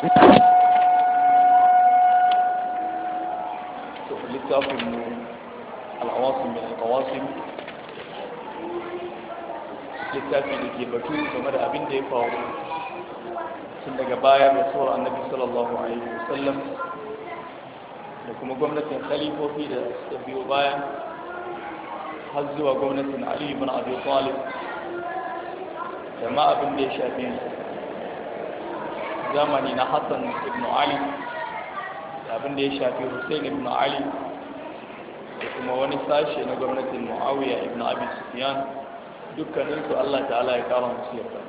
littafin al'awasin mai al'awasin littafi da ke batu game da abin da ya faru tun daga bayan rasuwar annabi sallallahu alaihi wasallam da kuma gwamnatin khalifofi da biyo bayan har zuwa gwamnatin ali ibn abi talib da ma abin da ya shafi zamani na hassan ibn ali da abin da ya shafi hussein ibn ali da kuma wani sashe na gwamnatin muawiya ibn abi sufyan dukkaninsu allah ta'ala ya kara musu yarda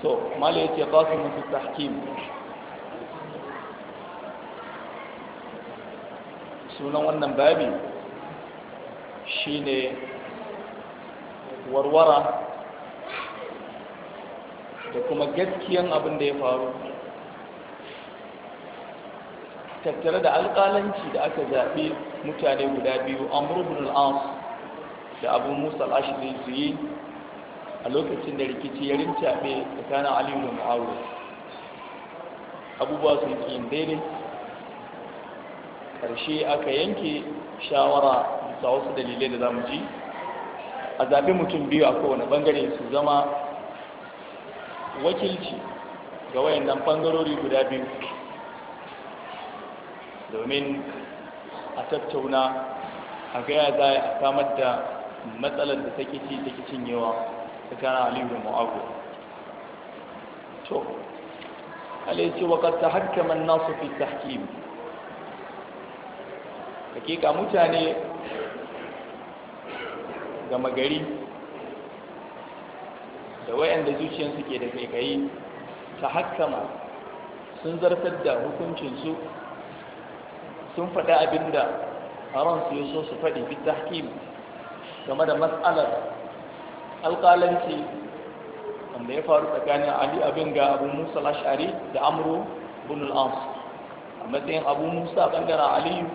to mala yake qasim fi tahkim sunan wannan babi shine warwara da kuma gaskiyan abin da ya faru tattare da alƙalanci da aka zaɓi mutane guda biyu an bin al'ams da abin musa al'ashirin su yi a lokacin da rikici ya rincaɓe tsakanin aliyu da ma'aru abubuwa sun ƙi daidai ƙarshe aka yanke shawara A wasu dalilai da za mu ji a zaɓi mutum biyu a kowane ɓangare su zama wakilci ga wayannan ɓangarori guda biyu domin a tattauna a gaya za a samar da matsalar da take ci take cinyewa tsakanin aliyu da mu'agu. to alaiki wakar ta man nasu fi tahkim hakika mutane gama gari da wayanda zuciyarsu ke da kaikayi ta hakama sun zartar da hukuncinsu sun faɗi abin da su yi so su faɗi fi tahkim game da matsalar alƙalanci wanda ya faru tsakanin ali abin ga abu musa lashari da amuru bunul al'as a matsayin abu musa ɓangaren aliyu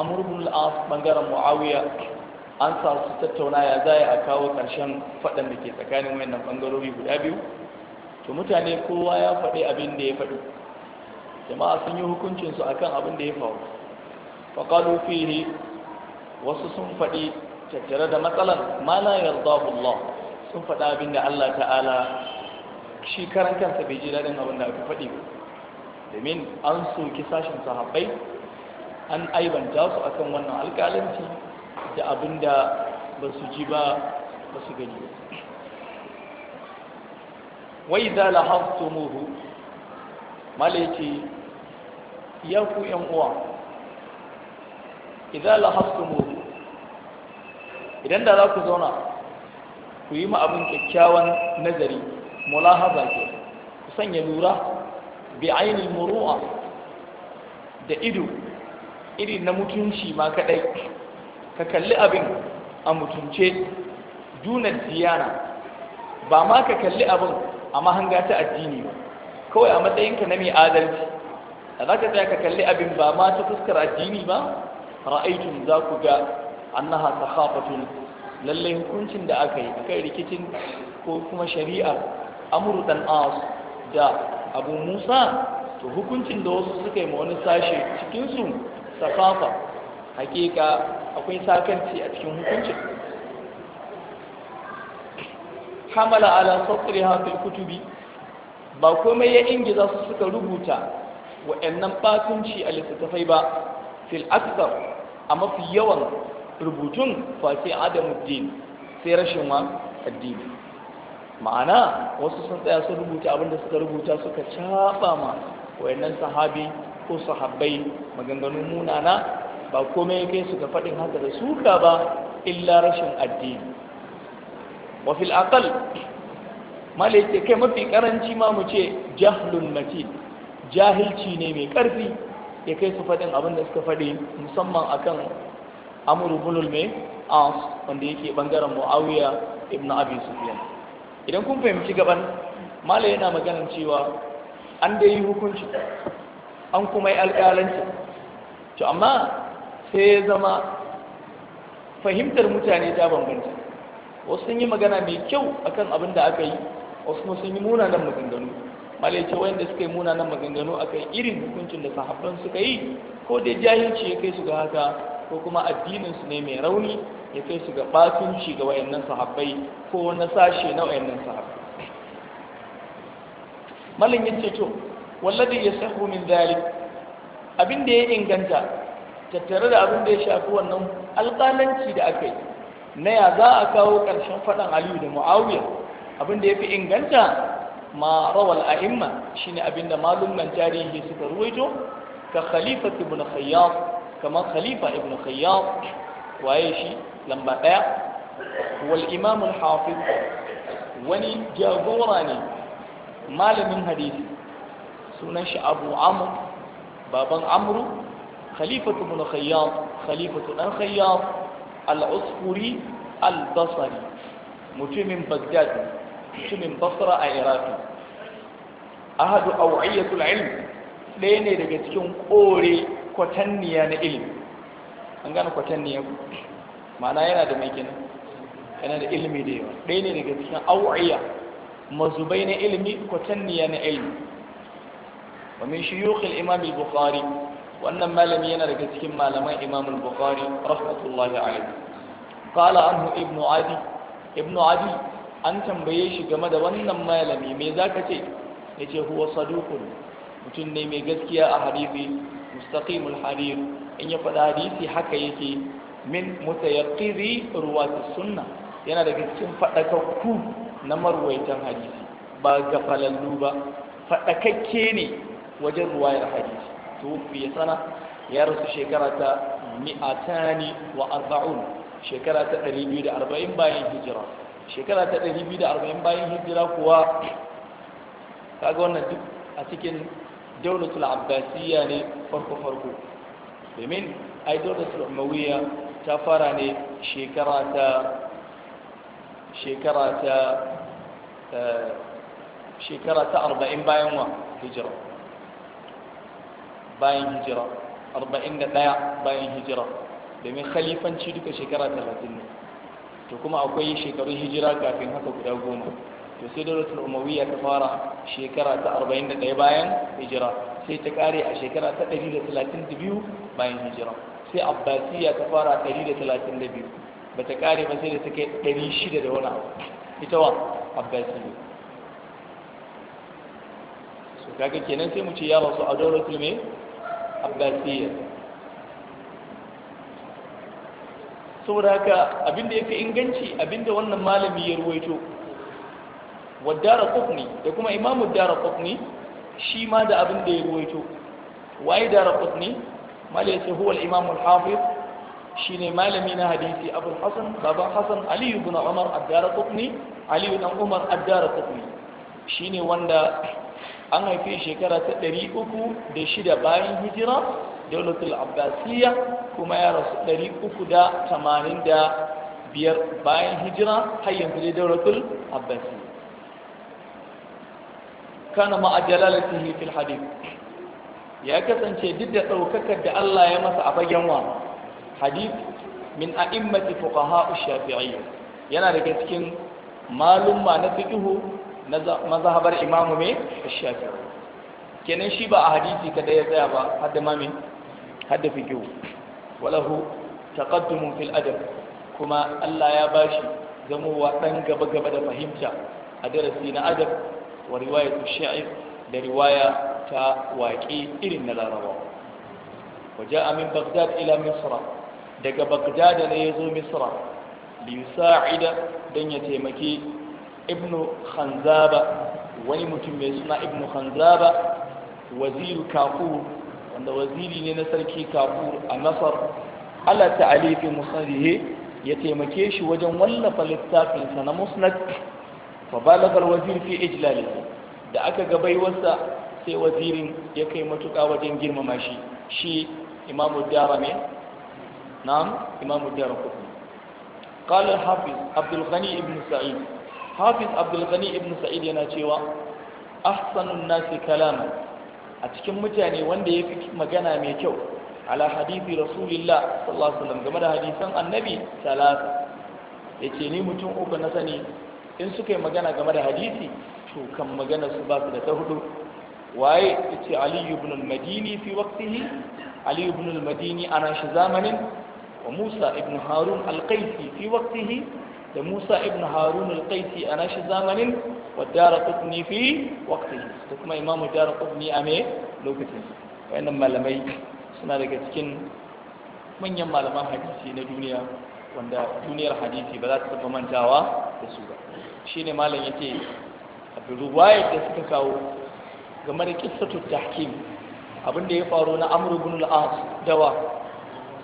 amuru bunul al'as ɓangaren mu'awiya an sa su tattauna ya za a kawo ƙarshen faɗan da ke tsakanin wayannan ɓangarori guda biyu to mutane kowa ya faɗi abin da ya faɗi jama'a sun yi hukuncinsu a kan abin da ya faru faƙalu fihi wasu sun faɗi tattare da matsalar mana la yarda Allah sun faɗa abin da Allah ta'ala shi karan kansa bai ji daɗin abin da aka faɗi domin an soki sashen sahabbai an aibanta su akan wannan alƙalanci da abin da ba su ji ba ba su gani wai za la haftumuhu malaiti ya ku yan uwa idan la muhu idan da za ku zauna ku yi ma abin kyakkyawan nazari mulahaza ke ku sanya lura bi ainihin muru'a da ido iri na mutunci ma kadai ka kalli abin a mutunce dunar diyana ba ma ka kalli abin a mahanga ta addini ba kawai a matsayinka na mai adalci da za ka tsaya ka kalli abin ba ma ta fuskar addini ba ra'aitun za ku ga annaha ta hafatun lallai hukuncin da aka yi akan rikicin ko kuma shari'ar amuru dan as da abu musa to hukuncin da wasu suka yi ma wani sashe cikinsu safafa hakika akwai sakanci a cikin hukuncin hamala ala satriha fil kutubi ba komai ya ingiza su suka rubuta wa'annan batunci a littattafai ba fil aksar a mafi yawan rubutun face adamuddin sai rashin wa addini ma'ana wasu sun tsaya sun rubuta abinda suka rubuta suka caba ma wayannan sahabi ko sahabbai maganganun munana ba komai kai su ga faɗin haka da suka ba illa rashin addini wa fil aqal malaike kai mafi karanci ma mu ce jahlun matin jahilci ne mai karfi ya kai su faɗin abin da suka faɗi musamman akan amru bulul mai as wanda yake bangaren muawiya ibn abi sufyan idan kun fahimci gaban mala yana maganin cewa an dai yi hukunci an kuma yi alƙalanci to amma sai ya zama fahimtar mutane ta bambanta wasu sun yi magana mai kyau akan abin da aka yi wasu kuma sun yi munanan maganganu malaice wayanda suka yi munanan maganganu akan irin hukuncin da sahabban suka yi ko dai jahilci ya kai su ga haka ko kuma addinin su ne mai rauni ya kai su ga batunci ga wayannan sahabbai ko na sashe na wayannan sahabbai malin yace to wallazi yasahu min dhalik abin da ya inganta tattare da abin da ya shafi wannan alƙalanci da aka yi na ya za a kawo ƙarshen faɗan aliyu da mu'awiyar abin da ya fi inganta ma rawal a'imma shine abin da malumman tarihi suka ruwaito ka khalifa ibn khayyar kamar khalifa ibn khayyar waye shi lamba ɗaya wal imam hafiz wani jagora ne malamin hadisi sunan shi abu baban amru khalifatu bin khalifatu dan khayyar al-usfuri al-basri mutumin bagdad mutumin basra a iraki ahadu awiyatul ilm ɗaya ne daga cikin kore kwatanniya na ilimi an gane kwatanniya ma'ana yana da mai kenan yana da ilimi da yawa ɗaya ne daga cikin awiya na ilmi, kwatanniya na ilimi ومن شيوخ الإمام البخاري wannan malami yana daga cikin malaman Imam al-Bukhari rahmatullahi alayhi qala anhu Ibnu Adi Ibnu Adi an tambaye shi game da wannan malami me zaka ce yace huwa saduqun mutum ne mai gaskiya a hadisi mustaqimul hadith in ya faɗa hadisi haka yake min ruwa ruwatis sunna yana daga cikin faɗakakku na marwaitan hadisi ba gafalallu ba faɗakakke ne wajen ruwayar hadisi توفي سنة يرس شكرة مئتان وأربعون شكرة ريبيد أربعين باين هجرة شكرة ريبيد أربعين باين هجرة هو كاقولنا دب أتكن دولة العباسية يعني فرق فرقو بمن أي دولة الأموية تفرني شكرة شكرة شكرة أربعين باين هجرة bayan hijira 41 bayan hijira domin khalifanci duka shekara 30 ne to kuma akwai shekarun hijira kafin haka guda goma to sai dalatul umawiyya ta fara shekara ta 41 bayan hijira sai ta kare a shekara ta 132 bayan hijira sai abbasiyya ta fara 132 ba ta kare ba sai da ta kai 600 da wani abu ita wa abbasiyya so kaga kenan sai mu ce ya rasu a dalatul abbasiyya saboda haka abinda yake inganci abinda wannan malami ya ruwaito wadara kufni da kuma imamu dara kufni shi ma da abinda ya ruwaito waye dara kufni malai sai huwa al-imam al-hafiz shine malami na hadisi abul hasan baban hasan ali ibn umar ad-dara kufni ali ibn umar ad-dara kufni shine wanda an haife shekara ta ɗari uku da shida bayan hijira daulatul abbasiya. kuma ya rasu ɗari uku da tamanin da biyar bayan hijira har yanzu dai daulatul abbasiya. kana ma'a jalalatihi fil hadith ya kasance duk da ɗaukakar da Allah ya masa a bagen wa hadith min a'immati fuqaha ash-shafi'iyya yana daga cikin malumma na fiqhu mazhabar imamu mai shafi kenan shi ba a hadisi kada ya tsaya ba hadda mami hadda fikihu walahu taqaddumun fil adab kuma Allah ya bashi zamowa dan gaba gaba da fahimta a darasi na adab wa riwayatu sha'ir da riwaya ta waƙi irin na larabawa وجاء من بغداد إلى مصر دق بغداد ليزو مصر ليساعد دنيا تيمكي ibnu khanzaba wani mutum mai suna ibnu khanzaba waziru kafur wanda waziri ne na sarki kafur a nasar ala ta'alifi musnadihi ya taimake shi wajen wallafa littafinsa na musnad fa balagar wazir fi ijlalihi da aka ga baiwarsa sai wazirin ya kai matuƙa wajen girmama shi shi imamu ne na'am imamu darakutni qala al-hafiz abdul ghani ibn sa'id hafiz abdulghani ibn sa'id yana cewa ahsanun nasi kalama a cikin mutane wanda ya fi magana mai kyau ala hadithi rasulillah sallallahu alaihi wasallam game da hadisan annabi talata ce ni mutum uku na sani in suka yi magana game da hadisi to kan magana su ba su da ta hudu waye yace Aliyu ibn al-madini fi waqtihi Aliyu ibn al-madini ana shi zamanin wa musa ibn harun al-qaisi fi waqtihi da Musa ibn Harun al a nashi zamanin wa Daraqutni fi waqtihi da kuma Imam Daraqutni a me lokacin wayannan malamai suna daga cikin manyan malaman hadisi na duniya wanda duniyar hadisi ba za ta taba mantawa da su ba shine malam yake a ruwayar da suka kawo game da qissatu tahkim abin da ya faru na Amr ibn al-As dawa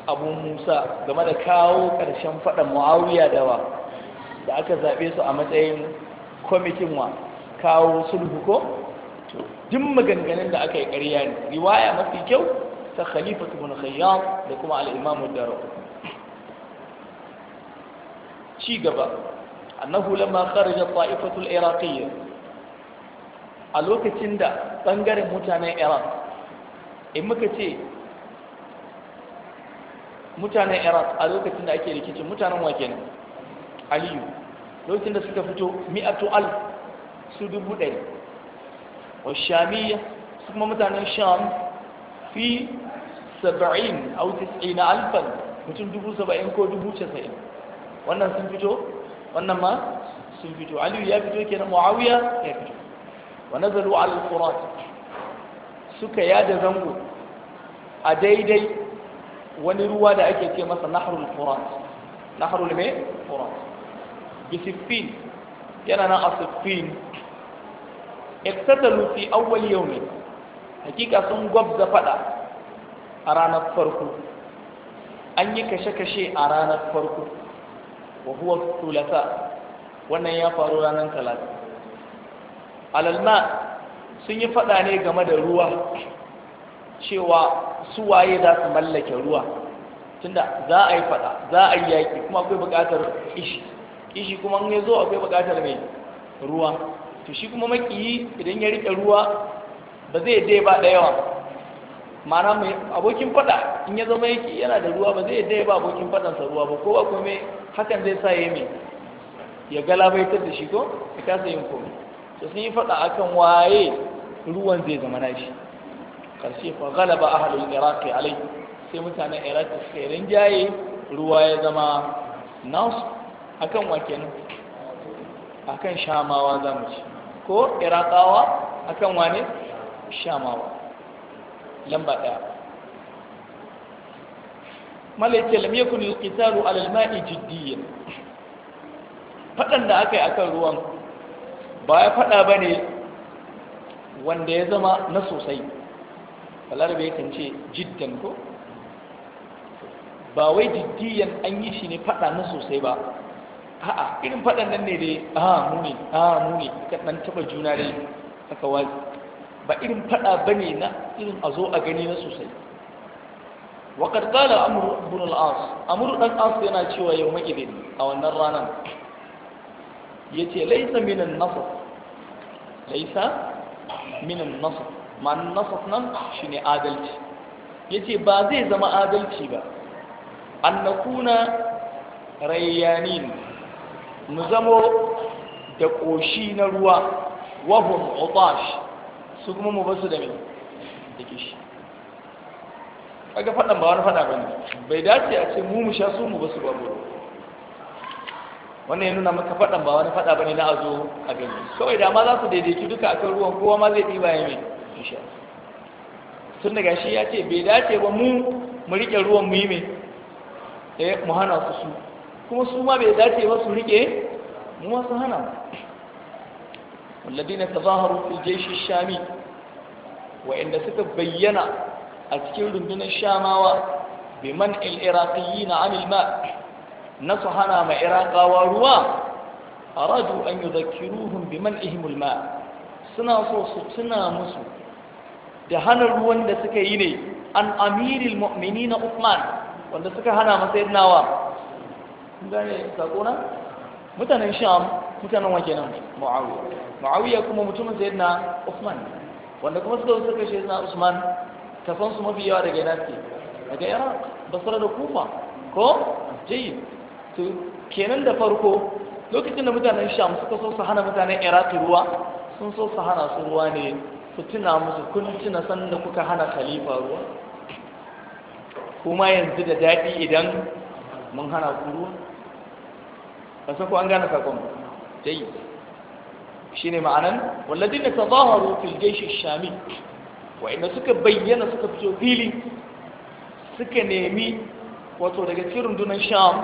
Abu Musa game da kawo ƙarshen faɗan Muawiya dawa da aka zaɓe su a matsayin kwamitin wa kawo sulhu ko to duk maganganun da aka yi ƙarya ne riwaya mafi kyau ta khalifatu bin khayyam da kuma al-imam ad ci gaba annahu lamma kharaja ta'ifatu al-iraqiyya a lokacin da bangaren mutanen Iraq in muka ce mutanen Iraq a lokacin da ake rikicin mutanen wa kenan aliyu lokacin da suka fito mi'atu al su dubu ɗari wa shamiyya su kuma mutanen sham fi saba'in au tis'ina alfan mutum dubu saba'in ko dubu casa'in wannan sun fito wannan ma sun fito aliyu ya fito ke kenan muawiya ya fito wa nazalu al furat suka yada zango a daidai wani ruwa da ake ce masa nahrul furat nahrul me furat bisiffin yana nan a siffin iktatalu fi awwal yawmin hakika sun gwabza fada a ranar farko an yi kashe-kashe a ranar farko wa huwa tulata wannan ya faru ranar talata alalma sun yi fada ne game da ruwa cewa su waye za su mallake ruwa tunda za a yi fada za a yi yaƙi kuma akwai buƙatar ishi kishi kuma in ya zo akwai buƙatar mai ruwa to shi kuma makiyi idan ya riƙe ruwa ba zai dai ba da yawa mana mai abokin fada in ya zama yake yana da ruwa ba zai dai ba abokin fadansa ruwa ba ko ba kuma hakan zai sa ya mai ya galabaitar da shi ko ya kasa yin komai to sun yi fada akan waye ruwan zai zama nashi karshe fa galaba ahlul iraq alai sai mutanen iraq suka yi rinjaye ruwa ya zama nasu akan wa akan shamawa za mu ci ko iraqawa akan wane shamawa lamba ɗaya malaita lam yakun alqitalu ala alma'i jiddiyan fadan da aka yi akan ruwan ba ya fada bane wanda ya zama na sosai balarabe kan ce jiddan ko ba wai jiddiyan an yi shi ne fada na sosai ba Ha'a, irin faɗan nan ne dai a muni, ne muni. mu ne ka ɗan taɓa juna dai haka wa ba irin faɗa ba ne na irin a zo a gani na sosai waƙar ƙala amuru ibn al'as amuru ɗan as yana cewa yau ma'idin a wannan ranar ya ce laisa minan nasaf laisa minan nasaf ma'an nasaf nan shine adalci ya ce ba zai zama adalci ba an na kuna rayyanin mu zamo da ƙoshi na ruwa wahum utash su kuma mu basu da mai da kishi kaga faɗan ba wani faɗa ba ne bai dace a ce mu mu sha su mu basu babu wannan ya nuna maka faɗan ba wani faɗa ba ne na a zo a gani kawai da ma za su daidaitu duka akan ruwan kowa ma zai ɗiba ya mai sha daga shi ya ce bai dace ba mu mu riƙe ruwan mu yi mai eh mu hana su su kuma su ma bai dace ba su rike mu wasu hana mu walladina tazaharu fil jaysh ash-shami wa inda suka bayyana a cikin rundunar shamawa bi man al-iraqiyyin 'an al-ma nasu hana ma iraqawa ruwa aradu an yudhakkiruhum bi man'ihim al-ma suna so su tuna musu da hana ruwan da suka yi ne an amiril mu'minina Uthman wanda suka hana masa yadnawa gane sakona mutanen sham mutanen wake nan muawiya muawiya kuma mutumin sayyidina usman wanda kuma suka suka kashe sayyidina usman kafan su mafi yawa daga nasi. daga yara basara da kufa ko jayi to kenan da farko lokacin da mutanen sham suka so su hana mutanen iraq ruwa sun so su hana su ruwa ne su tuna musu kun tuna da kuka hana khalifa ruwa kuma yanzu da daɗi idan mun hana ku ruwa ban san ko an gane sakon dai shine ma'anan walladina tadaharu fil jaysh shami wa inda suka bayyana suka fito fili suka nemi wato daga cikin rundunar sham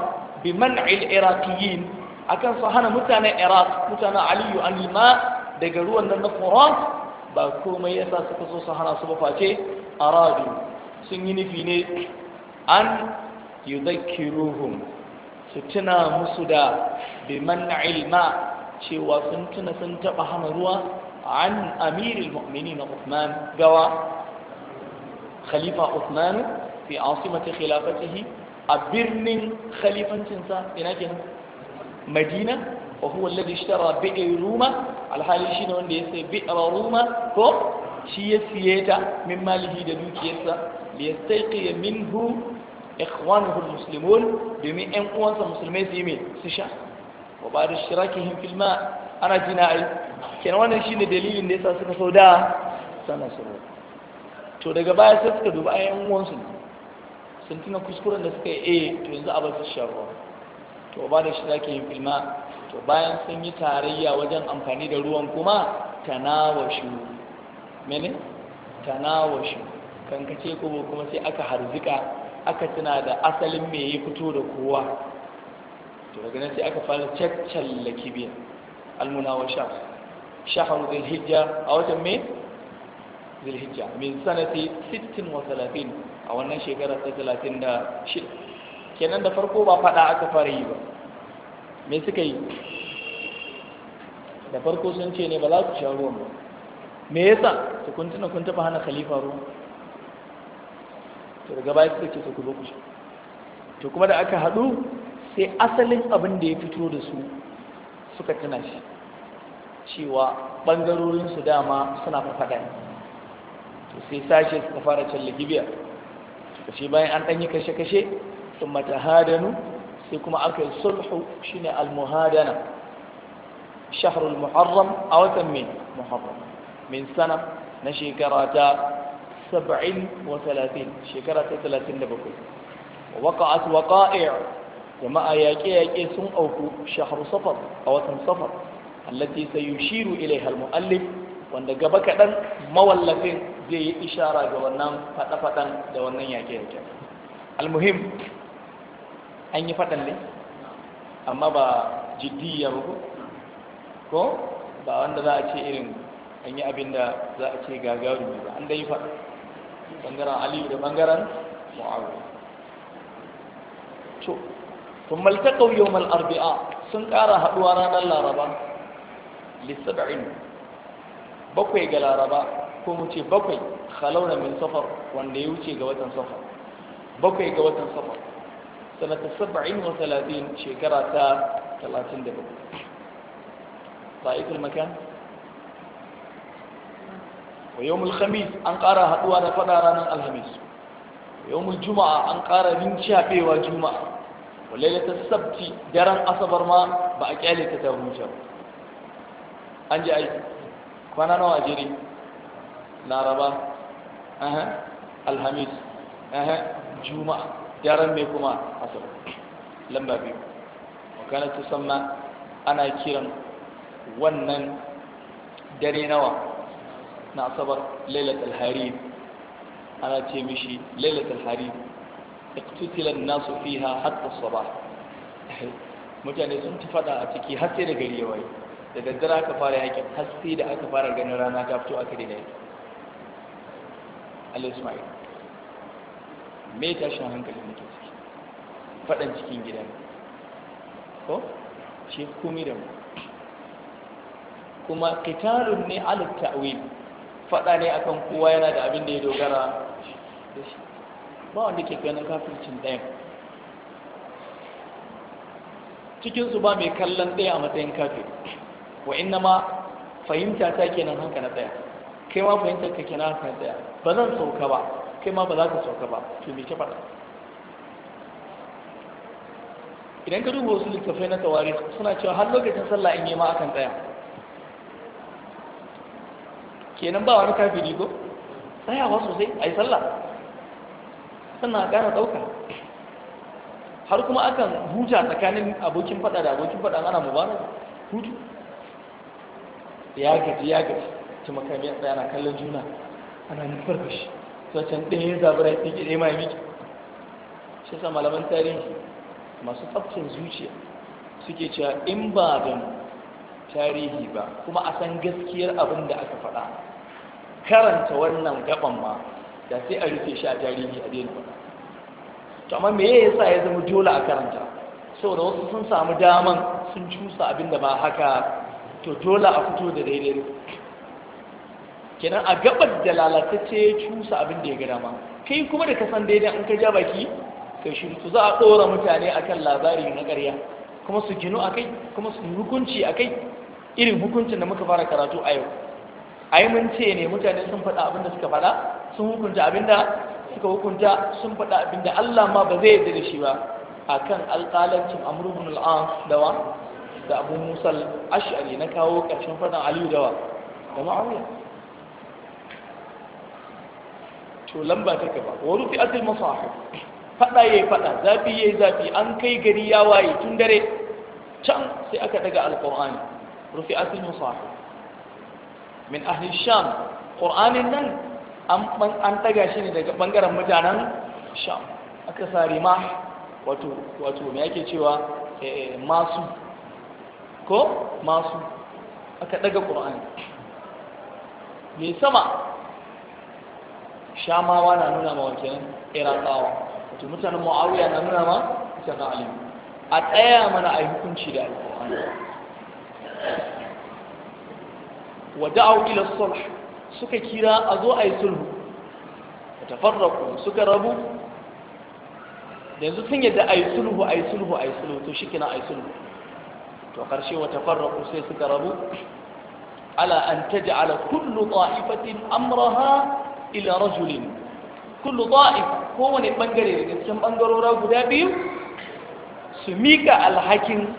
bi man'il iraqiyin akan su hana mutanen iraq mutanen aliyu an lima daga ruwan nan na furat ba komai yasa suka so su hana su ba face aradu sun yi nufi ne an yudhakkiruhum su tuna musu da biman ilma cewa sun tuna sun taɓa hana ruwa an amiril mu'minin Uthman gawa khalifa Uthman fi asimata khilafatihi a birnin khalifancinsa ina ke? Madina wa huwa alladhi ishtara bi'a Ruma, alhali ne wanda ya sai bi'a Ruma ko shi ya siye ta min malihi da dukiyarsa li min minhu ikhwanuhum muslimun domin ɗan uwansa musulmai su yi mai su sha wa ba da shirakihim fil ma ana jina ai kenan wannan shine dalilin da yasa suka sau da sana sau to daga baya sai suka duba ƴan uwansu sun tuna kuskuren da suka yi a to yanzu a ba su sha ruwa to ba da shirakihim filma to bayan sun yi tarayya wajen amfani da ruwan kuma tanawashu mene tanawashu kankace ko kuma sai aka harzika aka tuna da asalin me ya fito da kowa to daga nan sai aka fara caccan lakibiya almuna wa shaf shahar zilhijja a watan me zilhijja min sanati 36 a wannan shekarar ta 36 kenan da farko ba fada aka fara yi ba me suka yi da farko sun ce ne ba za su sha ruwan ba me yasa to kun tuna kun taba hana khalifa ruwan to daga baya suka ce to ku zo ku to kuma da aka haɗu sai asalin abin da ya fito da su suka tuna shi cewa ɓangarorinsu dama suna fafaɗa to sai sashe suka fara challa gibiya suka bayan an ɗanyi kashe-kashe sun mata hadanu sai kuma aka yi sulhu shine almuhadana shahrul muharram a watan mai muharram min sana na shekara ta saba'in shekara ta talatin da bakwai waƙa'at waƙa'ir jama'a yaƙe sun auku shahar safar a watan safar allati sayushiru ilaiha al-muallif wanda gaba kaɗan mawallafin zai yi ishara ga wannan faɗa-faɗan da wannan yaƙe-yaƙe almuhim an yi faɗan ne amma ba jiddiya ba ko ba wanda za a ce irin an yi abin da za a ce gagaru ba an da yi faɗa bangaren aliyu da bangaren mu'awiya to ثم التقوا يوم الاربعاء sun ƙara haɗuwa ranar laraba lissaba'in bakwai ga laraba ko mu ce bakwai khalauna min safar wanda ya wuce ga watan safar bakwai ga watan safar sanata saba'in wa talatin shekara ta talatin da bakwai ba ikil makan wa yawmul khamis an kara haduwa da faɗa ranar alhamis wa yawmul juma'a an kara ƙara rinciyaɓewa juma'a wa lailatul sabti daren asabar ma ba a kyale ta ta huta an ji aiki kwana nawa jere laraba alhamis juma'a daren mai kuma asabar lamba biyu makana ta samma ana kiran wannan dare nawa na asabar lailatul harir ana ce mishi lailatul harir iqtutilan nasu fiha hatta sabah mutane sun ta fada a ciki har sai da gari ya waye da daddare aka fara yakin har sai da aka fara ganin rana ta fito aka daina yaki Allah Ismail me tashin hankali muke ciki fadan cikin gidan. ko shi kumi da mu kuma qitalun ne ala ta'wil faɗa ne akan kowa yana da abin da ya dogara da shi ba wanda ke ganin kafircin ɗayan cikinsu ba mai kallon ɗaya a matsayin kafir wa inna ma fahimta ta kenan hanka na ɗaya kai ma fahimtar ka kenan hanka na ɗaya ba zan sauka ba kai ma ba za ka sauka ba to me ke faɗa idan ka duba wasu littafai na tawari suna cewa har lokacin sallah in yi ma akan tsaya kenan ba wani kafiri ko tsayawa sosai a yi sallah suna a ɗauka har kuma akan huta tsakanin abokin faɗa da abokin faɗa ana mubarak hutu ya gaji ya gaji ta makami a tsaya na kallon juna ana nufar da shi can ɗaya ya zabura ya ɗin ɗaya mai miki shi sa malaman tarihi masu tsaftin zuciya suke cewa in ba don tarihi ba kuma a san gaskiyar abin da aka faɗa karanta wannan gaban ma da sai a rufe shi a tarihi a daina ba to amma me yasa ya zama dole a karanta saboda wasu sun samu daman sun cusa abin da ba haka to dole a fito da daidai kenan a gabar da lalatacce ya cusa abin da ya gada ma kai kuma da kasan daidai an ka ja baki kai shi za a ɗora mutane akan labari na ƙarya kuma su ginu a kai kuma su hukunci a kai irin hukuncin da muka fara karatu a yau ai mun ce ne mutane sun faɗa abinda suka faɗa sun hukunta abinda suka hukunta sun faɗa abinda Allah ma ba zai yarda da shi ba akan alƙalancin Amr ibn al dawa da Abu Musa al-Ash'ari na kawo ƙarshen faɗan Aliyu dawa da Muawiya to lamba ta gaba wa rufi atil masahib faɗa yayi faɗa zafi yayi zafi an kai gari ya waye tun dare can sai aka daga alƙur'ani rufi atil masahib min ahli sham ƙur'anin nan an taga shi ne daga ɓangaren mutanen sham aka sari ma wato wato me ake cewa eh, eh, masu ko masu aka daga ƙur'ani mai sama shamawa na nuna ma wakilan irakawa wato mutanen mu'awiya na nuna ma mutanen alim a tsaya mana a yi hukunci da alƙur'ani wa da'aw ila sulh suka kira a zo a yi sulhu tafarraku suka rabu yanzu sun yadda a yi sulhu a yi sulhu a yi sulhu to shi kina a yi sulhu to karshe wa tafarraku sai suka rabu ala an taj'ala kullu ta'ifatin amraha ila rajulin kullu ta'if kowane bangare daga cikin bangarora guda biyu su mika alhakin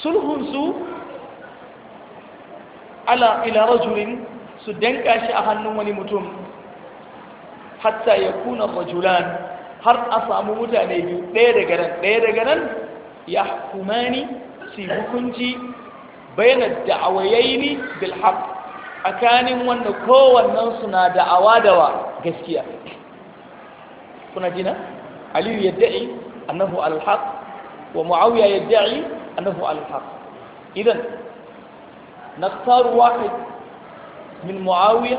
sulhunsu ala ila rajulin su danka shi a hannun wani mutum hatta ya kuna rajulan har a samu mutane biyu ɗaya daga nan ɗaya daga nan ya hukumani su hukunci bayanar da'awayaini bilhaq tsakanin wanda kowannensu na da'awa wa gaskiya kuna jina aliyu ya da'i annahu alhaq wa mu'awiya ya da'i annahu alhaq idan نختار واحد من معاوية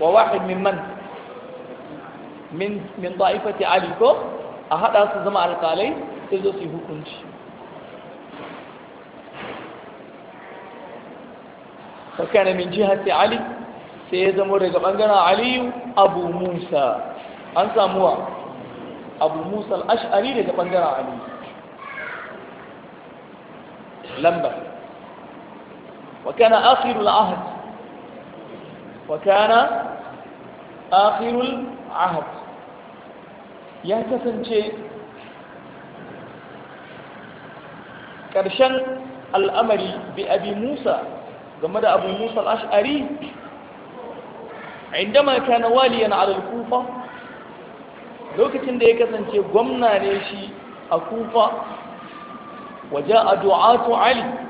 وواحد من من من من طائفة علي كو أحد زمع القالي سيهو كنش فكان من جهة علي سيزمو رجبانجنا علي أبو موسى أنسى موا أبو موسى الأشعري رجبانجنا علي لمبه وكان آخر العهد وكان آخر العهد يا كسنشي كرشن الأمر بأبي موسى game da abu musa al'ash'ari indama kana waliyan alal kufa lokacin da ya kasance gwamna ne shi a kufa waje a du'atu ali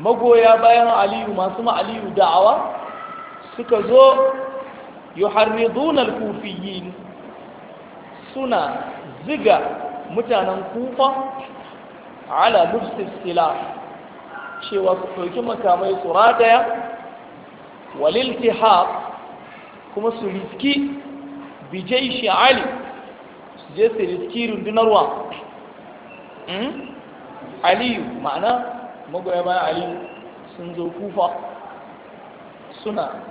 magoya bayan aliyu masu ma'aliyu da'awa suka zo yuharriduna al-kufiyyin suna ziga mutanen kufa ala mursis sila cewa su ɗauki makamai su rataya waliltihab kuma su riski bijai shi'ali su je su riski rundunarwa hmm? aliyu ma'ana magoya bayan ali sun zo kufa suna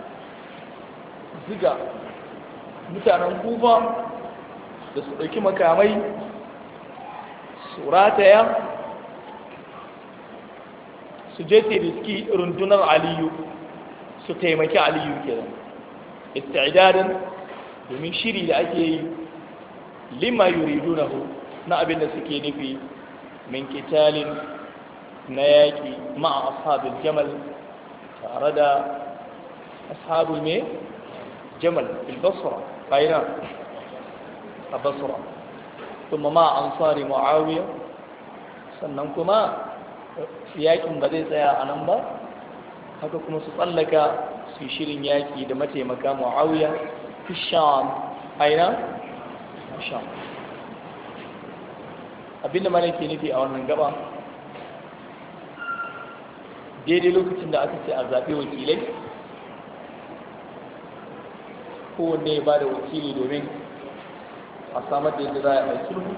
ziga mutanen kufa da su ɗauki makamai su rataya su je riski rundunar aliyu su taimaki aliyu ke kenan istidadin domin shiri da ake yi lima dunahu na abin da suke nufi min kitalin na yaƙi ma'a ashabul jamal tare da ashabul mai jamal bilbasura bayan a basura kuma ma'a ansari mu'awiya sannan kuma yaƙin ba zai tsaya a nan ba haka kuma su tsallaka su yi shirin yaƙi da mataimaka mu'awiya fi sham aina sham abinda mana ke nufi a wannan gaba daidai lokacin da aka ce a zaɓe wakilai kowanne ya ba da wakili domin a samar da yadda za a yi sulhu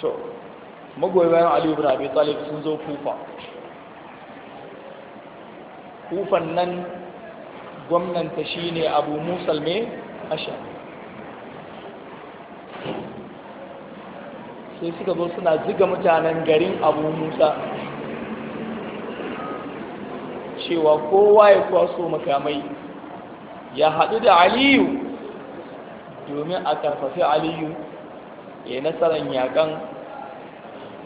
to magoya bayan aliyu bin abi talib sun zo kufa kufan nan gwamnanta shine abu musalme ashari sai suka zo suna ziga mutanen garin abu musa cewa kowa ya kwaso makamai ya haɗu da aliyu domin a karfafi aliyu ya nasarar yakan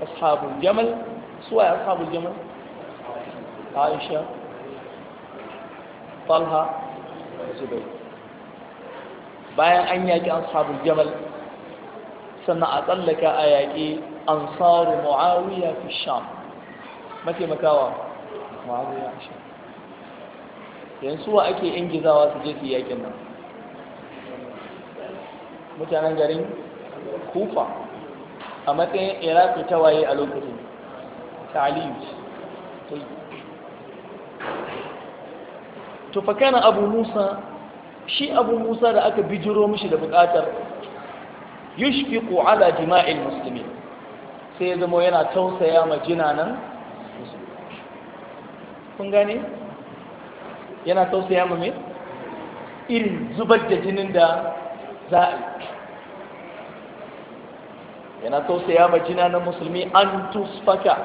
ashabul jamal suwa ya ashabul jamal aisha falha zubai bayan an yaƙi ashabul jamal sannan a tsallaka a yaƙi ansaru mu'awiya fi sham mataimakawa mu'awiya fi sham yanzu wa ake ingizawa su je su yaƙin nan mutanen garin kufa a matsayin iraki ta waye a lokacin taliyu to fa kana abu musa shi abu musa da aka bijiro mishi da bukatar yushfiqu ala jima'il muslimin sai ya zama yana tausaya ma jinanan kun gane yana tausaya ma me irin zubar da jinin da za a yana tausaya ma jinanan musulmi an tusfaka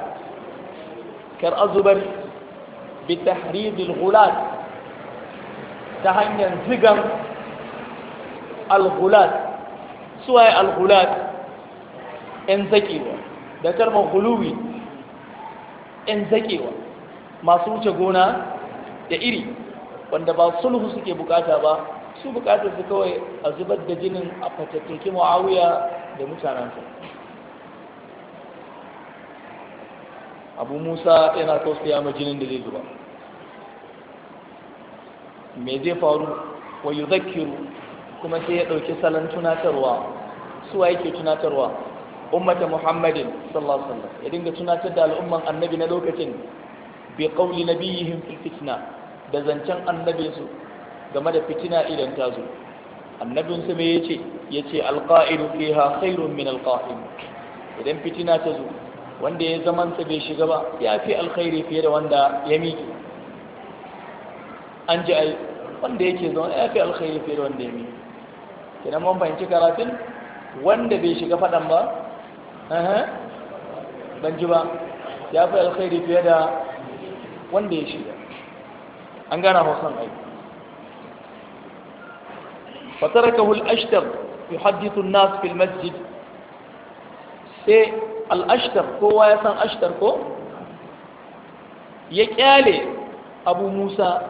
kar azubar bi tahridil ghulat ta hanyar zigan al-ghulat suwaye alhulat ‘yan zakewa, da kalmar huluwi ‘yan zakewa, masu wuce gona da iri wanda ba sulhu suke bukata ba su bukatar su kawai a zubar da jinin a fatattaki ma'awuya da mutanensa abu musa yana tausaya ma jinin da zai zuba me zai faru wa yi zakiru kuma sai ya ɗauki salon tunatarwa suwa yake tunatarwa ummata muhammadin sallallahu alaihi wasallam ya dinga tunatar da al'umman annabi na lokacin bi qawli nabiyihim fil fitna da zancen annabinsu game da fitina idan ta zo annabinsu me yace yace alqa'idu fiha khairun min alqa'im idan fitina ta zo wanda ya zaman sa bai shiga ba ya fi alkhairi fiye da wanda ya miƙe an ji ai wanda yake zaune ya fi alkhairi fiye da wanda ya miƙe Kina mun fahimci karatun wanda bai shiga fadan ba ban ji ba ya fi alkhairi fiye da wanda ya shiga an gana hausan aiki fatarakahu al-ashtar yuhaddithu an-nas al masjid sai al-ashtar kowa ya san ashtar ko ya kyale abu musa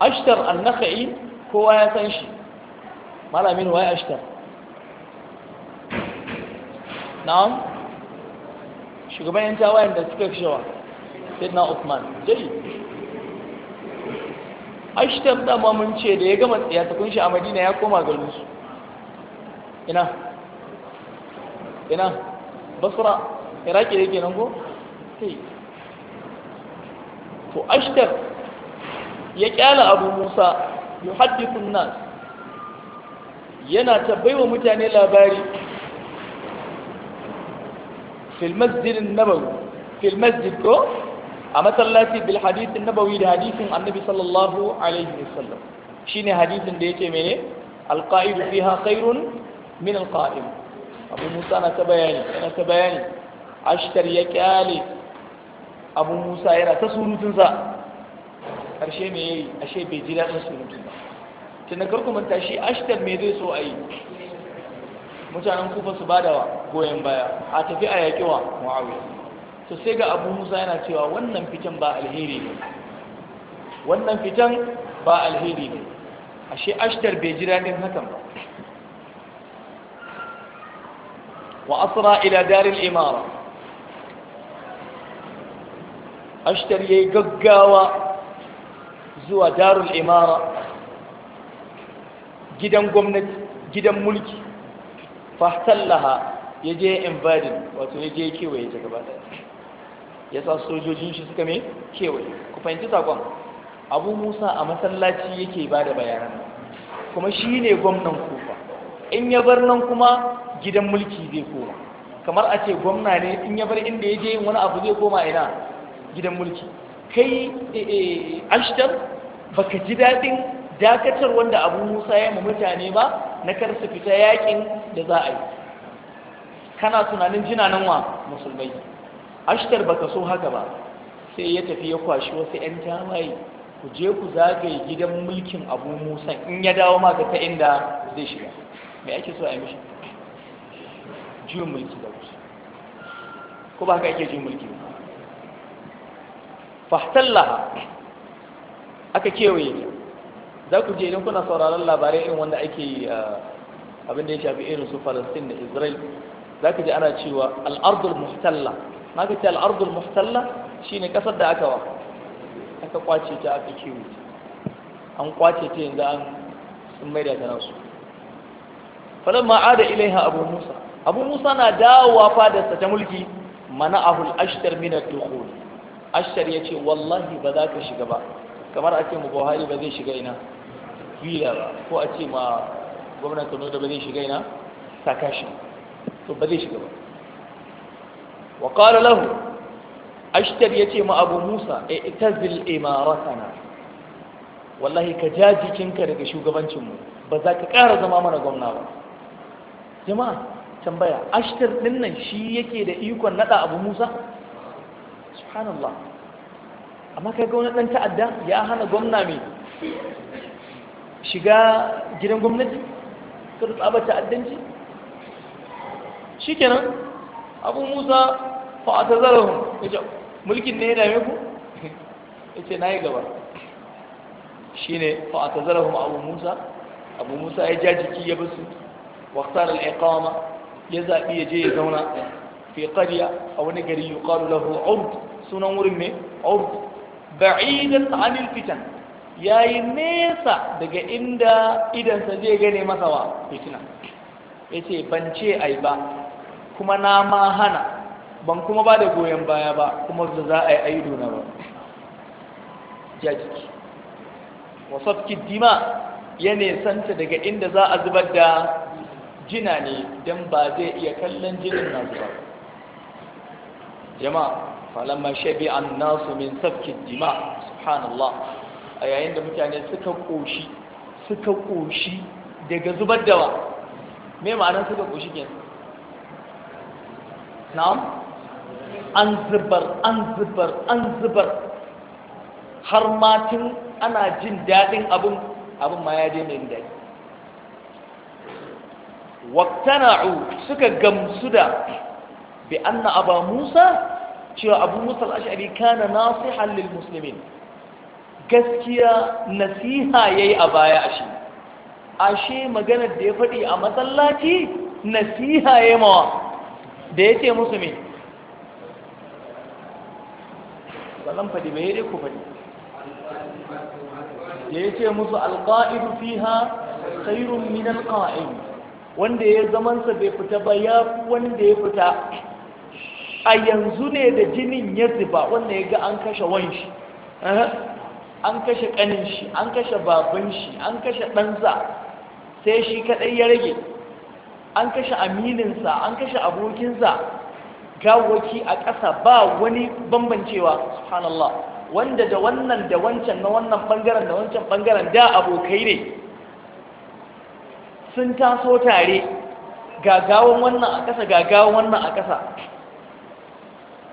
ashtar annaka'i kowa ya san shi malamin wai ashtar na'am shugaban yan tawayen da suka shawa sidna Uthman jayi ashtar da mun ce da ya gama tsaya ta kunshi a Madina ya koma garin ina ina basra iraki da ke nan ko sai to ashtar ya kyala abu musa yuhaddithun nas yana tabbaiwa mutane labari fil masjid an-nabawi fil masjid ko a masallaci bil hadith an-nabawi da hadithin annabi sallallahu alaihi wasallam shine hadithin da yake mene al-qa'id fiha khairun min al-qa'im abu musa na ta bayani yana ta bayani ashtar ya kyale abu musa yana ta surutunsa ƙarshe mai yayi ashe bai ji daɗin surutu ba tunda kar ku manta shi ashtar mai zai so a yi mutanen kufa su ba da goyon baya a tafi a yaƙi wa muawiya to sai ga abu musa yana cewa wannan fitan ba alheri ne wannan fitan ba alheri ne ashe ashtar bai ji daɗin hakan ba wa asra ila daril imara ashtar yayi gaggawa zuwa darul imara gidan gwamnati gidan mulki fahtallaha ya je invadin wato ya je kewaye ta gaba daya ya sa sojojin shi suka mai kewaye ku fahimci sakon abu musa a masallaci yake ba da bayanan kuma shi ne gwamnan kufa in ya bar nan kuma gidan mulki zai koma kamar a ce gwamna ne in ya bar inda ya je wani abu zai koma ina gidan mulki kai eh, eh, ashtar baka ji daɗin dakatar wanda abu musa ya ma mutane ba na kar fita yakin da za a yi kana tunanin jina nan wa musulmai ashtar baka so haka ba sai ya tafi ya kwashi wasu 'yan tawaye ku je ku zagaye gidan mulkin abu musa in ya dawo maka ta inda zai shiga mai ake so a yi mishi juyin mulki da wasu ko ba haka ake juyin mulki ba fahtallaha aka kewaye ta za ku je idan kuna sauraron labarai irin wanda ake yi abin da ya shafi irin su falastin da israel za ka je ana cewa al'ardul muhtalla na ka ce al'ardul muhtalla shine kasar da aka wa aka kwace ta aka kewaye ta an kwace ta yanzu an sun maida ta nasu falamma ada ilaiha abu musa abu musa na dawowa fadarsa ta mulki mana mana'ahul ashtar min ad Ashtar ya ce wallahi ba za ka shiga ba kamar a ce ma buhari ba zai shiga ina fila ba ko a ce ma gwamnan kano da ba zai shiga ina sakashi to ba zai shiga ba wa ƙara lahu ashtar ya ce ma abu musa a ita zil imaratana wallahi ka ja jikinka daga shugabancinmu ba za ka ƙara zama mana gwamna ba jama'a tambaya ashtar ɗin nan shi yake da ikon naɗa abu musa subhanallah amma kai ga wani ɗan ta'adda ya hana gwamna mai shiga gidan gwamnati kada tsaba ta'addanci Shikenan abu musa fa'ata zarahun ya ce mulkin ne ya dame ku ya na yi gaba shi ne fa'ata zarahun abu musa abu musa ya ja jiki ya basu waktar al'aikama ya zaɓi ya je ya zauna fi ƙarya a wani gari yi ƙaru lahu urd sunan wurin mai urd ba'idan anil fitan yayi nesa daga inda sa zai gane masa wa fitina yace ban ce ai ba kuma na ma hana ban kuma ba da goyon baya ba kuma da za a yi aido na ba jajiki wasafki dima ya nesanta daga inda za a zubar da jina ne don ba zai iya kallon jinin na ba. jama'a falamma shabi an nasu min sabkin jima subhanallah a yayin da mutane suka koshi suka koshi daga zubar da wa me ma'anar suka koshi ke na'am an zubar an zubar an zubar har matin ana jin daɗin abin abin ma ya daina yin daɗi waktana'u suka gamsu da bi anna aba musa cewa abu musal ash'ari kana nasihan lil Musulmin. gaskiya nasiha yi a baya ashe ashe maganar da ya faɗi a masallaci nasiha yi mawa da yace musu me wannan faɗi me yake ku faɗi? da ya ce musu alqa'idu fiha khairun min alqa'im wanda ya zamansa bai fita ba ya wanda ya fita a yanzu ne da jinin ya zuba wanda ya ga an kashe wanshi an kashe kanin shi an kashe baban shi an kashe ɗansa sai shi kaɗai ya rage an kashe amininsa an kashe abokinsa gawaki a ƙasa ba wani bambancewa subhanallah wanda da wannan da wancan na wannan ɓangaren da wancan ɓangaren da abokai ne sun taso tare gagawan wannan a ƙasa gagawan wannan a ƙasa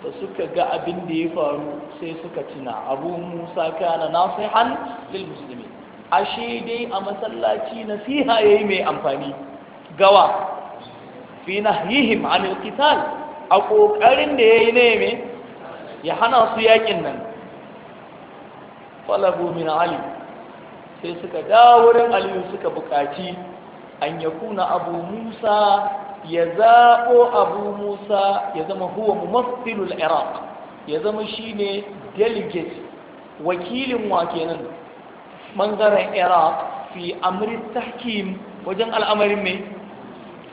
da suka ga abin da ya faru sai suka tuna abu musa kana nasihan lil muslimin ashe dai a masallaci nasiha yayi mai amfani gawa fi nahyihim anil qital a kokarin da yayi ne me ya hana su yakin nan falabu min ali sai suka dawo wurin aliyu suka bukaci an yakuna abu musa ya zaɓo abu musa ya zama huwa mumaffilul iraq ya zama shine delegate wakilin wa kenan ɓangaren iraq fi amri tahkim wajen al'amarin mai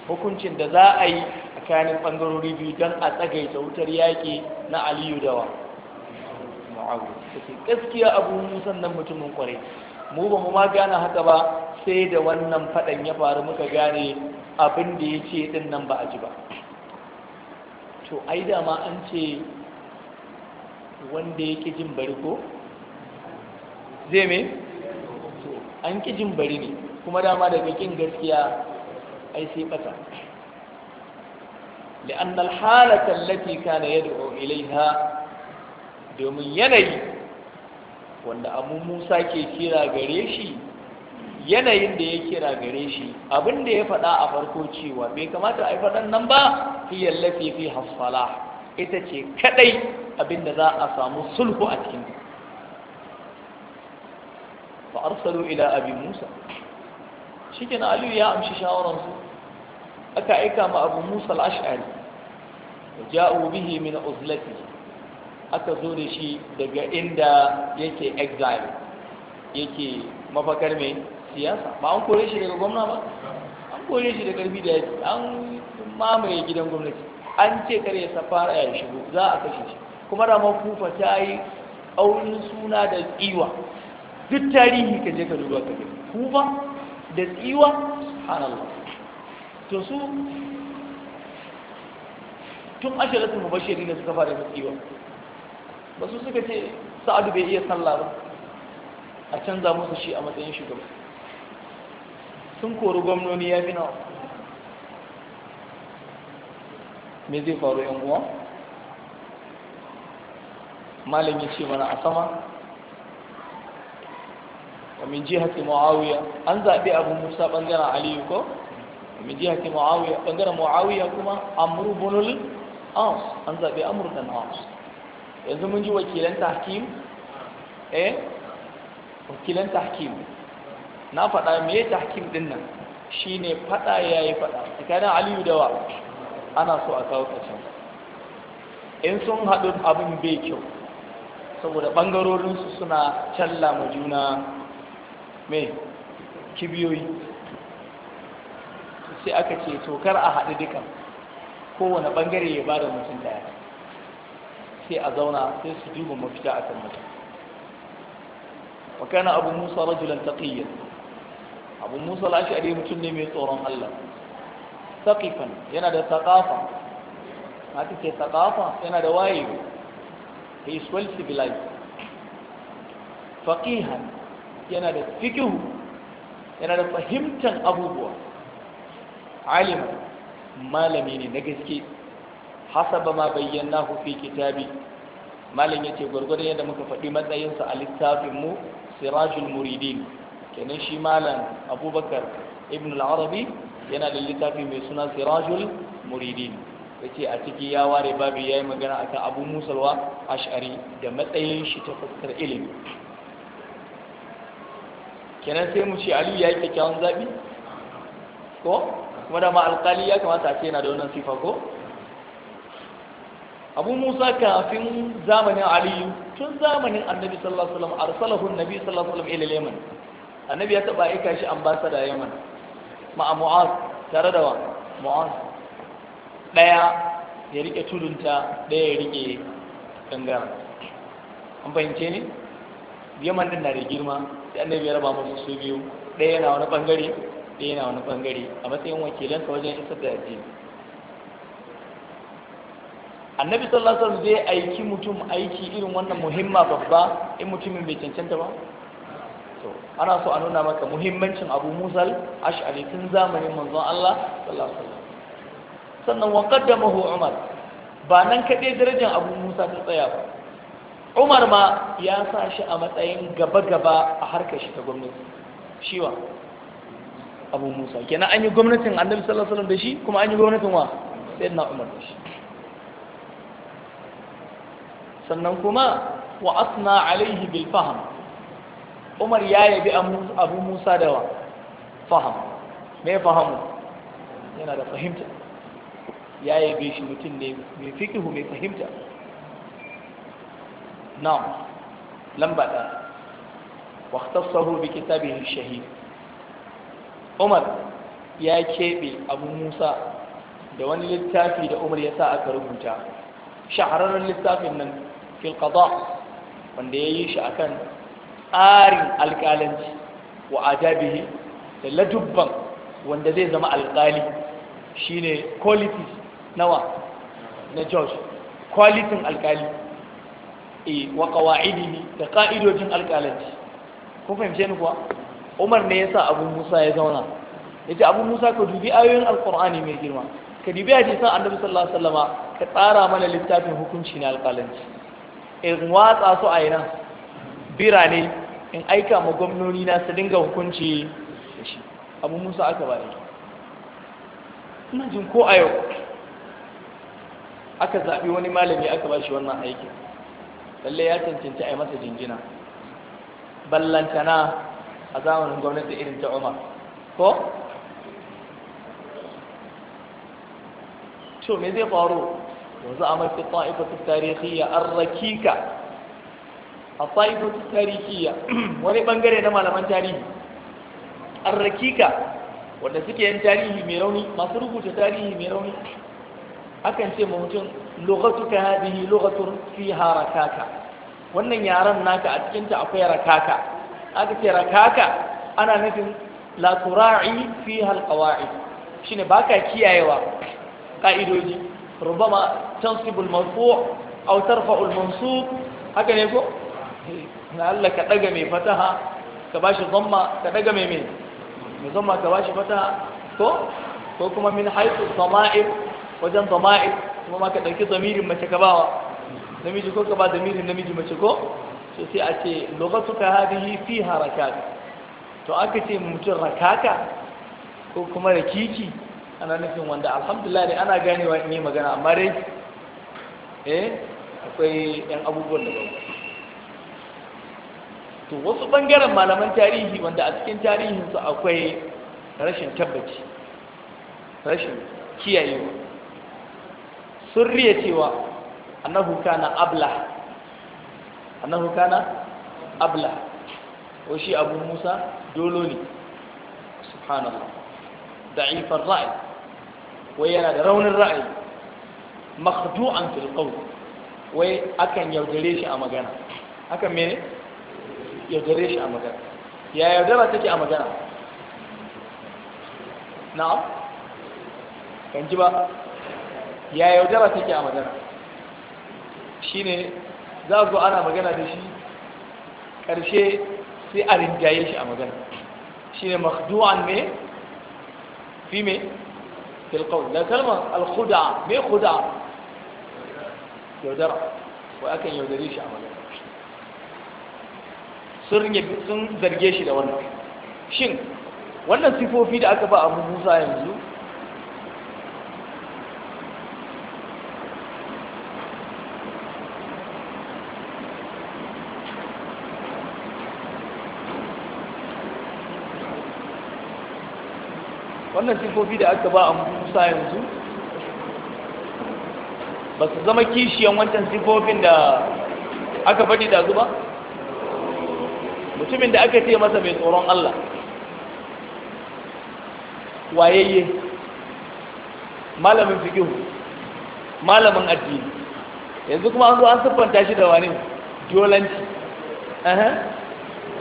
hukuncin da za a yi a kanin ɓangarori biyu don a tsagaita wutar yaƙi na aliyu dawa ma'awu gaskiya abu musan nan mutumin kwarai mu ba mu ma gane haka ba sai da wannan faɗan ya faru muka gane abin da ya ce ɗin nan ba a ji ba to ai da ma an ce wanda ya ƙi jin bari ko zai me an ƙi jin bari ne kuma dama daga ƙin gaskiya ai sai ɓata لأن الحالة التي كان يدعو إليها domin yanayi wanda abu musa ke kira gare shi yanayin da ya kira gare shi abin da ya faɗa a farko cewa bai kamata a yi faɗan nan ba fi yallafi fi hasfala ita ce kadai abin da za a samu sulhu a cikin fa salo ila abin musa shikin aliyu ya amshi shawararsu aka aika ma abu musa al'ash'ari ja'u bihi min uzlatihi aka zo da shi daga inda yake exile yake mafakar mai siyasa ba an kore shi daga gwamna ba an kore shi da karfi da yaki an mamaye gidan gwamnati an ce kare safara ya shigo za a kashe shi kuma da kufa ta yi aurin suna da tsiwa duk tarihi ka je ka duba ka gani kufa da tsiwa subhanallah to su tun ashiratu mubashirin da suka fara tsiwa ba su suka ce sa'adu bai iya sallah ba a canza musu shi a matsayin shugaba sun kori gwamnoni ya fi nawa me zai faru yan uwa malam ya ce mana a sama wa min haƙi muawiya an zaɓi abu musa ɓangaren aliyu ko wa min haƙi muawiya ɓangaren muawiya kuma amru bunul an zaɓi amru dan yanzu mun ji wakilan tahkim eh wakilan tahkim na faɗa me ya tahkim din nan shine faɗa yayi faɗa tsakanin aliyu da wa ana so a kawo ƙarshen in sun haɗu abin bai kyau saboda ɓangarorinsu suna challa ma juna mai kibiyoyi sai aka ce tokar a haɗu dukan kowane ɓangare ya ba da mutum daya sai a zauna sai su duba mafita akan mutum wakana abu musa rajulan taqiyyan abu musa al-ash'ari mutum ne mai tsoron Allah saqifan yana da thaqafa haka ce thaqafa yana da waye he is well civilized faqihan yana da fikihu, yana da fahimtar abubuwa alim malami ne na gaske hasaba ma bayyana fi kitabi malam yace gurgurdan yadda muka faɗi matsayin sa a littafin mu sirajul muridin kenan shi malam abubakar ibn al-arabi yana da littafi mai suna sirajul muridin yace a ciki ya ware babu yayi magana akan abu musalwa ash'ari da matsayin shi ta fuskar ilimi kenan sai mu ce aliyu ya kyakkyawan zaɓi ko kuma da ma alƙali ya kamata a ce yana da wannan sifa ko abu musa kafin zamanin aliyu tun zamanin annabi sallallahu alaihi wasallam arsalahu annabi sallallahu alaihi wasallam ila yaman annabi ya taba aika shi ambassador yaman ma mu'az tare da wa mu'az daya ya rike tudunta daya ya rike gangara an fahimce ne yaman din na da girma sai annabi ya raba musu su biyu daya yana wani bangare daya yana wani bangare a matsayin wakilansa wajen isar da addini annabi sallallahu alaihi wasallam zai aiki mutum aiki irin wannan muhimma babba in mutumin bai cancanta ba to ana so a nuna maka muhimmancin abu musal ash'ari tun zamanin manzon Allah sallallahu alaihi wasallam sannan wa qaddamahu umar ba nan kade darajar abu musa ta tsaya ba umar ma ya sa shi a matsayin gaba-gaba a harkar shi ta gwamnati shiwa abu musa kenan an yi gwamnatin annabi sallallahu alaihi wasallam da shi kuma an yi gwamnatin wa sayyidina umar da shi sannan kuma wa asna alaihi bil faham umar ya yabi abu musa da wa faham me fahamu yana da fahimta ya yabe shi mutum ne mai fikihu mai fahimta na'am lamba da wa ikhtassahu bi kitabihi shahid umar ya keɓe abu musa da wani littafi da umar ya sa aka rubuta shahararren littafin nan fil wanda ya yi shi akan tsarin alƙalanci wa adabihi da ladubban wanda zai zama alƙali shine qualities nawa na George qualitin alƙali e wa da ƙa'idojin alƙalanci kun fahimce ni kuwa Umar ne yasa Abu Musa ya zauna yace Abu Musa ka dubi ayoyin Alƙur'ani mai girma ka dubi hadisan Annabi sallallahu alaihi wasallama ka tsara mana littafin hukunci na alƙalanci in watsa su a yana birane in aika ma gwamnoni na su dinga hukunci da shi abu musa aka ba da ina jin ko a yau aka zaɓi wani malami aka ba shi wannan aikin lalle ya cancanci a yi masa jinjina ballantana a zamanin gwamnati irin ta umar ko? to me zai faru وزعمت الطائفة التاريخية الركيكة الطائفة التاريخية wani bangare na malaman tarihi arrakika wanda suke yin tarihi mai rauni masu rubuta tarihi mai rauni akan ce ma mutum lughatuka hadhihi lughatun fiha rakaka wannan yaran naka a cikinta akwai rakaka aka ce rakaka ana nufin la tura'i fiha alqawa'id shine baka kiyayewa ka'idoji ربما تنصب المرفوع أو ترفع المنصوب هكذا يقول لعلك تقمي فتها كباش ضمة تقمي من ضمة كباش فتها كو من حيث الضمائر وجن ضمائر kuma ma ka ɗauki zamirin mace ka bawa namiji ko ka ba zamirin namiji mace ko so sai a ce lokacin ka hadihi fi to aka ce mutum rakaka ko kuma rakiki ana nufin wanda alhamdulillah ne ana ganewa ne magana amma dai eh akwai yan abubuwan da babu to wasu bangaren malaman tarihi wanda a cikin tarihinsu akwai rashin tabbaci rashin kiyayewa sun riya cewa annahu kana abla annahu kana abla ko shi abu musa dolo ne subhanallah da'ifar ra'ayi wai yana da raunin ra'ayi an fil qawl wai akan yaudare shi a magana akan mene yaudare shi a magana ya yaudara take a magana na'am kan ji ba ya yaudara take a magana shine za ku ana magana da shi ƙarshe sai a rinjaye shi a magana shine an me fi me في القول لا كلمة الخدع ما خدع يودرع وأكن يودريش عمله sun sun zarge shi da wannan shin wannan sifofi da aka ba abu musa yanzu wannan sifofi da aka ba abu musa yanzu ba su zama kishiyan wancan sifofin da aka faɗi da zuba mutumin da aka ce masa mai tsoron Allah wayayye malamin fikin malamin addini yanzu kuma an zo an siffanta shi da wani jolanci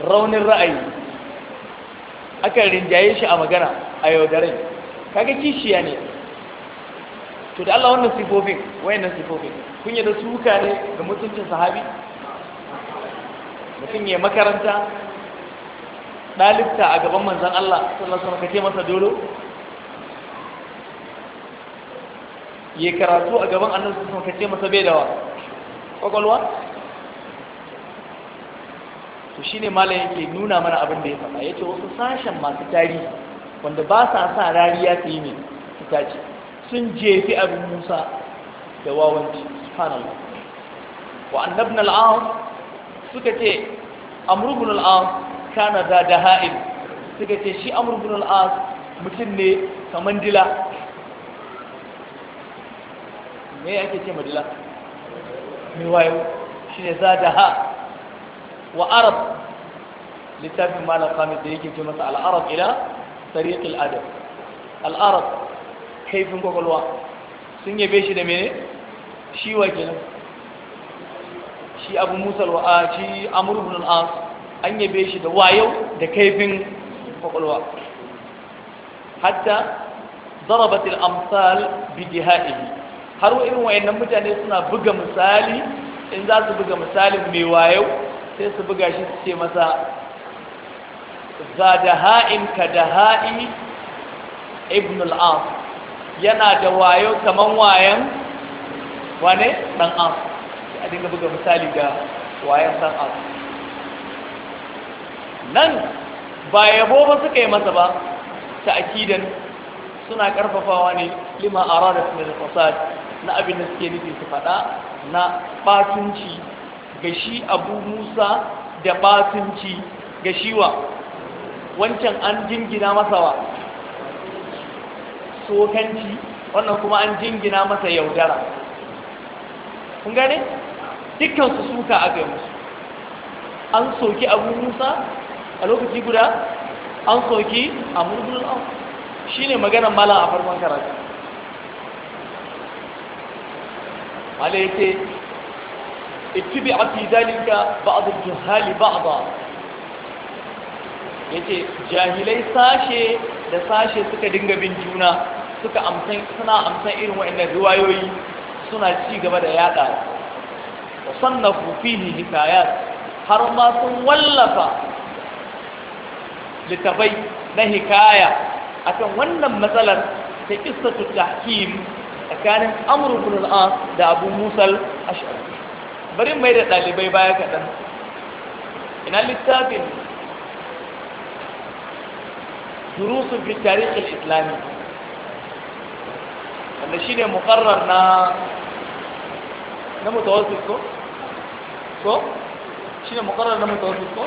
raunin ra'ayi aka rinjaye shi a magana a yaudarai kaga kishiya ne to da Allah wannan sifofin wayannan sifofin kun su suka ne ga mutuncin sahabi mutum ya makaranta dalibta a gaban manzan Allah sallallahu alaihi wasallam masa dolo ya karatu a gaban annabi sallallahu alaihi wasallam masa bai dawa kwakwalwa to shine malam yake nuna mana abin da ya faɗa yace wasu sashen masu tarihi wanda ba sa sa rariya ta yi ne ita ce sun jefi abin musa da wawanci subhanallah wa annabin al'am suka ce amurgun al'am kana da da ha'il suka ce shi amurgun al'am mutum ne kamar dila me ya ke ce madila mai wayo shi ne za da ha wa arab littafin malar kamar da yake ce masa al'arab ila طريق الأدب العرب كيف قبلوا سنية بيش دميني شي واجنا شي أبو موسى الوآ شي عمر بن العاص أن يبيش دوايو دا كيف قبلوا حتى ضربت الأمثال بدهائه har irin wayannan mutane suna buga misali in za su buga misalin mai wayo sai su buga shi su ce masa za da ha'in ka da ha'i ibn al'as yana da wayo kaman wayan wane ɗan as a dinga buga misali ga wayan ɗan nan ba yabo ba suka yi masa ba ta akidan suna ƙarfafawa ne lima a ranar da fasad na abin da suke nufi su faɗa na ɓatunci ga shi abu musa da ɓatunci ga shiwa wancan an jingina masa wa sokanci wannan kuma an jingina masa yaudara kun gane dukkansu suka aka musu an soki abu musa a lokaci guda an soki a murgulun au shi ne maganan mala a farkon karatu mala ya ce ittibi a fi zalika ba'adun juhali ba'adun yace jahilai sashe da sashe suka dinga bin juna suka amsan suna amsan irin wa'annan riwayoyi suna ci gaba da yada wa sannafu fihi hikayat har ma sun wallafa litabai na hikaya akan wannan matsalar ta qissatu tahkim tsakanin amru ibn al-as da abu musal ash'ari bari mai da dalibai baya kadan ina littafin durusu fi التاريخ islami wanda shi مقرر نا na na كو كو ko? مقرر نمو mukarrar كو mutawassit ko?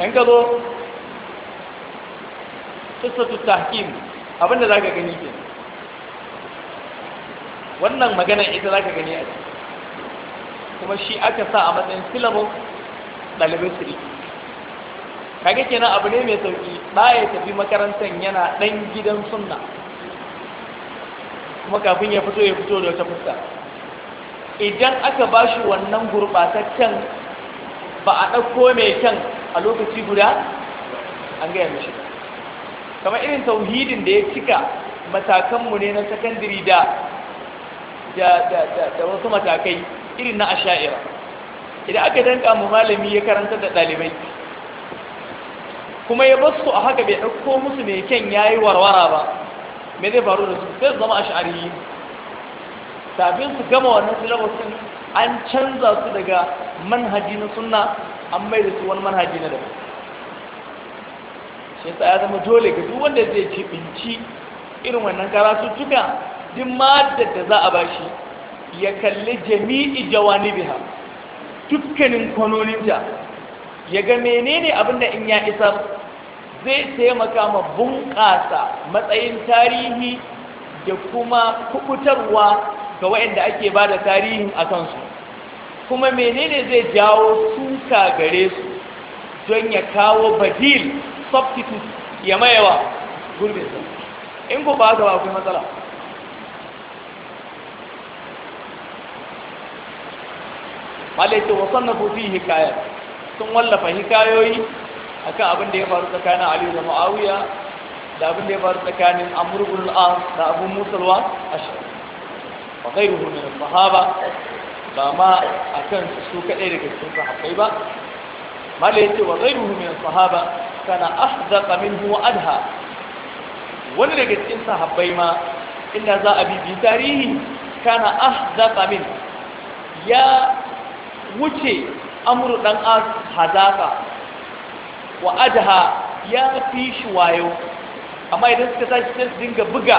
yan ka wannan magana ita za ka gani a kuma shi aka sa a matsayin syllabus ɗalibai su riki kage kenan abu ne mai sauki ba ya tafi makarantar yana dan gidan sunna kuma kafin ya fito ya fito da wata fuska idan aka ba shi wannan gurɓataccen ba a ɗauko mai kyan a lokaci guda an gaya mishi kamar irin tauhidin da ya cika matakanmu ne na sakandiri da da wasu matakai irin na asha'ira idan aka danka mu malami ya karanta da ɗalibai kuma ya basu a haka bai ɗauko musu mai kyan ya yi warwara ba mai zai faru da su sai su zama a sha'ari kafin su gama wannan sun, an canza su daga manhaji na sunna an mai da su wani manhaji na daga shi ya zama dole ga duk wanda zai ci binci irin wannan tuka duk maddar da za a bashi ya kalli jami'i biha dukkanin kwanoninta ya ga menene abin da in ya isa zai taimaka ma bunƙasa matsayin tarihi da kuma kubutarwa ga waɗanda ake ba da tarihin a kansu kuma menene zai jawo suka gare su don ya kawo badil substitute ya mayawa gurbinsa in ku ba ga akwai matsala malaita wasan na fi hikayar sun wallafa hikayoyi akan abin da ya faru tsakanin aliyu da ma'awiya da abin da ya faru tsakanin amurgun al'am da abin musulwa a shari ba kai ruhunin sahaba ba ma a kan su kaɗai daga cikin sahabbai ba mala ya ce wa zai ruhunin sahaba kana ahdaqa minhu wa adha wani daga cikin sahabbai ma inda za a bibi tarihi kana ahdaqa min ya wuce amru dan as hazaka wa adha ya fi shi wayo amma idan suka tashi sai su dinga buga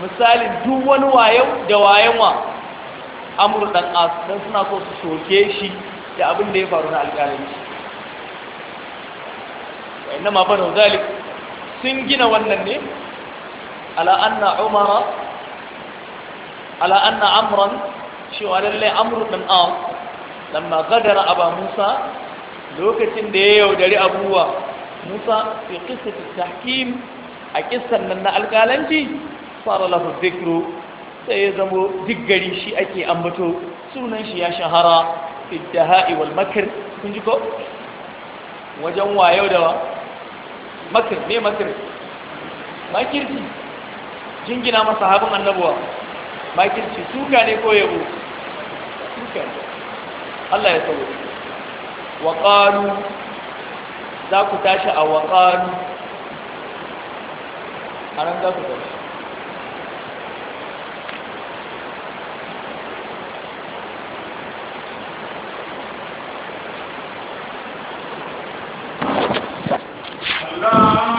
misalin duk wani wayo da wayon wa amru dan as dan suna so su soke shi da abin da ya faru na alƙalanci wa inna ma banu zalik sun gina wannan ne ala anna umara ala anna amran shi wa lalle amru dan as lamma gadara aba musa lokacin da ya yaudari abuwa musa fi qissati tahkim a kissan nan na alkalanci fara lahu dhikru sai ya zamo diggari shi ake ambato sunan shi ya shahara fi daha'i wal makr kun ji ko wajen wayo da makr ne makr makirci jingina masa habin annabuwa makirci suka ne ko yabo suka ne الله يتوب وقالوا ذاك تاشا او وقال ارن ذاك تاشا الله